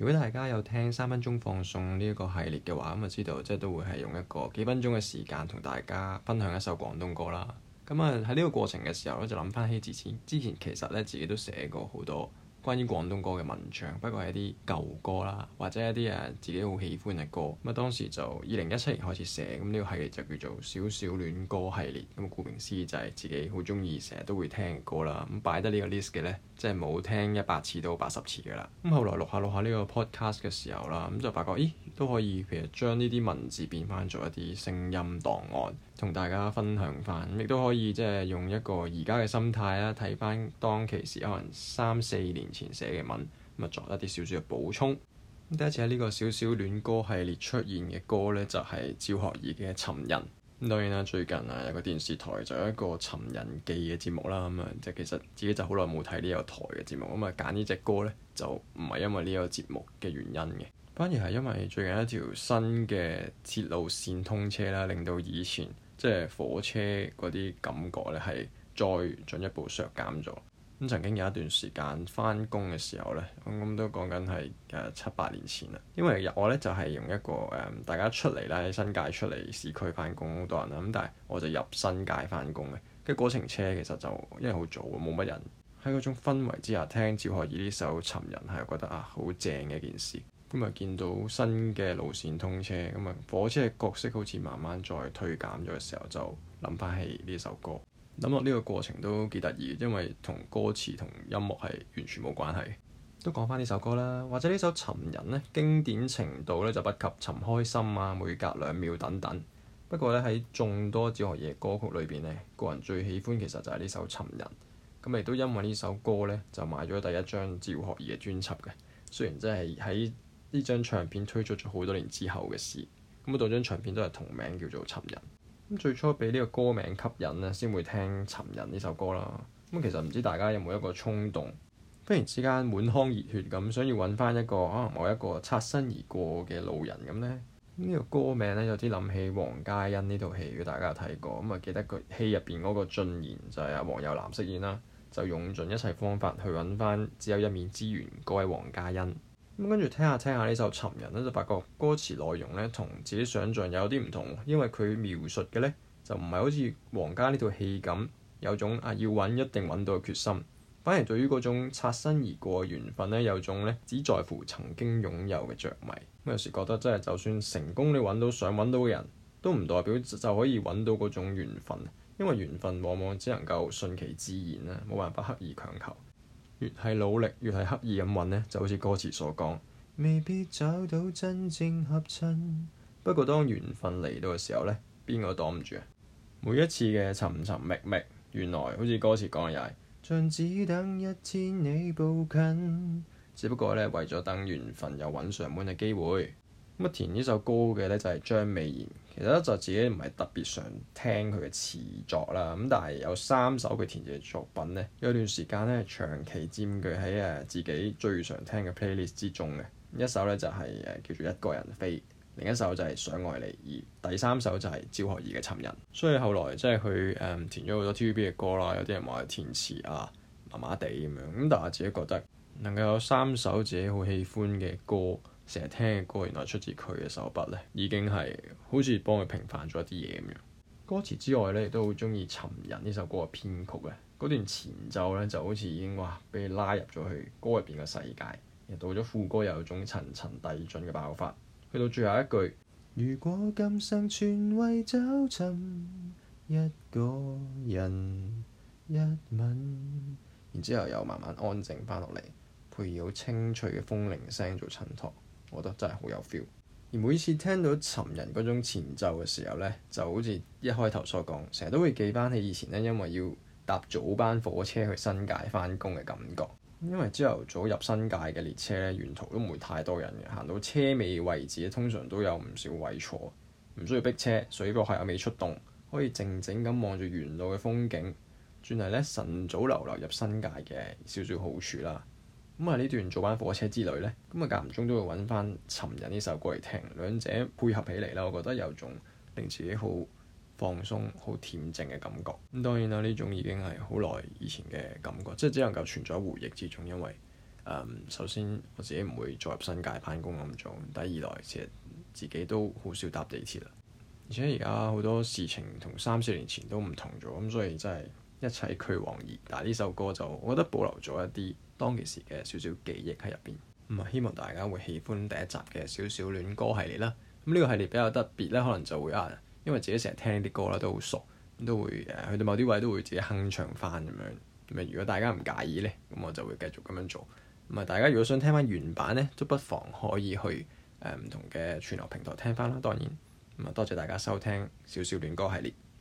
如果大家有聽三分鐘放送呢個系列嘅話，咁就知道即係都會係用一個幾分鐘嘅時間同大家分享一首廣東歌啦。咁啊喺呢個過程嘅時候咧，就諗翻起之前之前其實咧自己都寫過好多。關於廣東歌嘅文章，不過係一啲舊歌啦，或者一啲誒自己好喜歡嘅歌。咁啊當時就二零一七年開始寫，咁呢個系列就叫做小小戀歌系列。咁顧名思義，就係自己好中意成日都會聽嘅歌啦。咁擺得呢個 list 嘅咧，即係冇聽一百次到八十次㗎啦。咁後來錄下錄下呢個 podcast 嘅時候啦，咁就發覺，咦，都可以其實將呢啲文字變翻做一啲聲音檔案，同大家分享翻。亦都可以即係用一個而家嘅心態啦，睇翻當其時可能三四年前寫嘅文咁啊，作多啲少少嘅補充。第一次喺呢個小小戀歌系列出現嘅歌呢，就係、是、趙學而嘅《尋人》。咁當然啦，最近啊，有個電視台就有一個《尋人記》嘅節目啦。咁、嗯、啊，即係其實自己就好耐冇睇呢個台嘅節目。咁、嗯、啊，揀呢隻歌呢，就唔係因為呢個節目嘅原因嘅，反而係因為最近一條新嘅鐵路線通車啦，令到以前即係火車嗰啲感覺呢，係再進一步削減咗。曾經有一段時間翻工嘅時候咧，咁都講緊係誒七八年前啦。因為我呢，就係、是、用一個誒，大家出嚟啦，喺新界出嚟市區翻工好多人啦。咁但係我就入新界翻工嘅，跟程車其實就因為好早冇乜人，喺嗰種氛圍之下聽趙學而呢首《尋人》，係覺得啊好正嘅一件事。咁啊見到新嘅路線通車，咁啊火車嘅角色好似慢慢再推減咗嘅時候，就諗翻起呢首歌。諗落呢個過程都幾得意，因為同歌詞同音樂係完全冇關係。都講返呢首歌啦，或者呢首《尋人》咧，經典程度咧就不及《尋開心》啊，《每隔兩秒》等等。不過咧，喺眾多趙學而歌曲裏邊咧，個人最喜歡其實就係呢首《尋人》。咁亦都因為呢首歌呢，就買咗第一張趙學而嘅專輯嘅。雖然真係喺呢張唱片推出咗好多年之後嘅事，咁啊，嗰張唱片都係同名叫做《尋人》。咁最初俾呢個歌名吸引咧，先會聽《尋人》呢首歌啦。咁其實唔知大家有冇一個衝動，忽然之間滿腔熱血咁，想要揾翻一個可能某一個擦身而過嘅路人咁咧？呢個歌名呢，有啲諗起王家欣呢套戲，如大家有睇過咁啊，記得佢戲入邊嗰個俊賢就係阿黃又南飾演啦，就用盡一切方法去揾翻只有一面之緣嗰位王家欣。咁跟住聽下聽下呢首尋人呢就發覺歌詞內容呢同自己想像有啲唔同。因為佢描述嘅呢就唔係好似黃家呢套戲咁，有種啊要揾一定揾到嘅決心，反而對於嗰種擦身而過嘅緣分呢，有種呢只在乎曾經擁有嘅着迷。咁有時覺得真係，就算成功你揾到想揾到嘅人，都唔代表就可以揾到嗰種緣分，因為緣分往往只能夠順其自然啦，冇辦法刻意強求。越係努力，越係刻意咁揾呢就好似歌詞所講，未必找到真正合襯。不過當緣分嚟到嘅時候咧，邊個都擋唔住啊？每一次嘅尋尋覓覓，原來好似歌詞講嘅又像只等一天你步近」。只不過呢，為咗等緣分有揾上門嘅機會。咁填呢首歌嘅呢，就係張美賢。其實咧就自己唔係特別想聽佢嘅詞作啦。咁但係有三首佢填嘅作品呢，有段時間呢，長期佔據喺誒自己最常聽嘅 playlist 之中嘅。一首呢，就係誒叫做一個人飛，另一首就係想愛你，而第三首就係趙學而嘅《尋人》。所以後來即係佢誒填咗好多 TVB 嘅歌啦，有啲人話填詞啊麻麻地咁樣，咁但係我自己覺得能夠有三首自己好喜歡嘅歌。成日聽嘅歌，原來出自佢嘅手筆咧，已經係好似幫佢平反咗一啲嘢咁樣。歌詞之外咧，亦都好中意《尋人》呢首歌嘅編曲咧。嗰段前奏咧就好似已經哇，俾你拉入咗去歌入邊嘅世界。又到咗副歌又有種層層遞進嘅爆發，去到最後一句，如果今生全為找尋一個人一吻，然之後又慢慢安靜翻落嚟，配以好清脆嘅風鈴聲做襯托。我覺得真係好有 feel，而每次聽到尋人嗰種前奏嘅時候呢，就好似一開頭所講，成日都會記翻起以前呢，因為要搭早班火車去新界返工嘅感覺。因為朝頭早入新界嘅列車呢，沿途都唔會太多人嘅，行到車尾位置通常都有唔少位坐，唔需要逼車，所以個客人未出動，可以靜靜咁望住沿路嘅風景，算係呢晨早流流入新界嘅少少好處啦。咁啊呢段做班火車之旅呢，咁啊間唔中都會揾翻《尋人》呢首歌嚟聽，兩者配合起嚟咧，我覺得有種令自己好放鬆、好恬靜嘅感覺。咁當然啦，呢種已經係好耐以前嘅感覺，即係只能夠存在回憶之中，因為、嗯、首先我自己唔會再入新界返工咁做，第二來其實自己都好少搭地鐵啦，而且而家好多事情同三四年前都唔同咗，咁、嗯、所以真係～一切俱往矣，但係呢首歌就我覺得保留咗一啲當其時嘅小小記憶喺入邊。咁啊，希望大家會喜歡第一集嘅小小戀歌系列啦。咁、這、呢個系列比較特別咧，可能就會啊，因為自己成日聽啲歌啦都好熟，都會誒去到某啲位都會自己哼唱翻咁樣。咁啊，如果大家唔介意咧，咁我就會繼續咁樣做。咁啊，大家如果想聽翻原版咧，都不妨可以去誒唔同嘅串流平台聽翻啦。當然，咁啊，多謝大家收聽小小戀歌系列。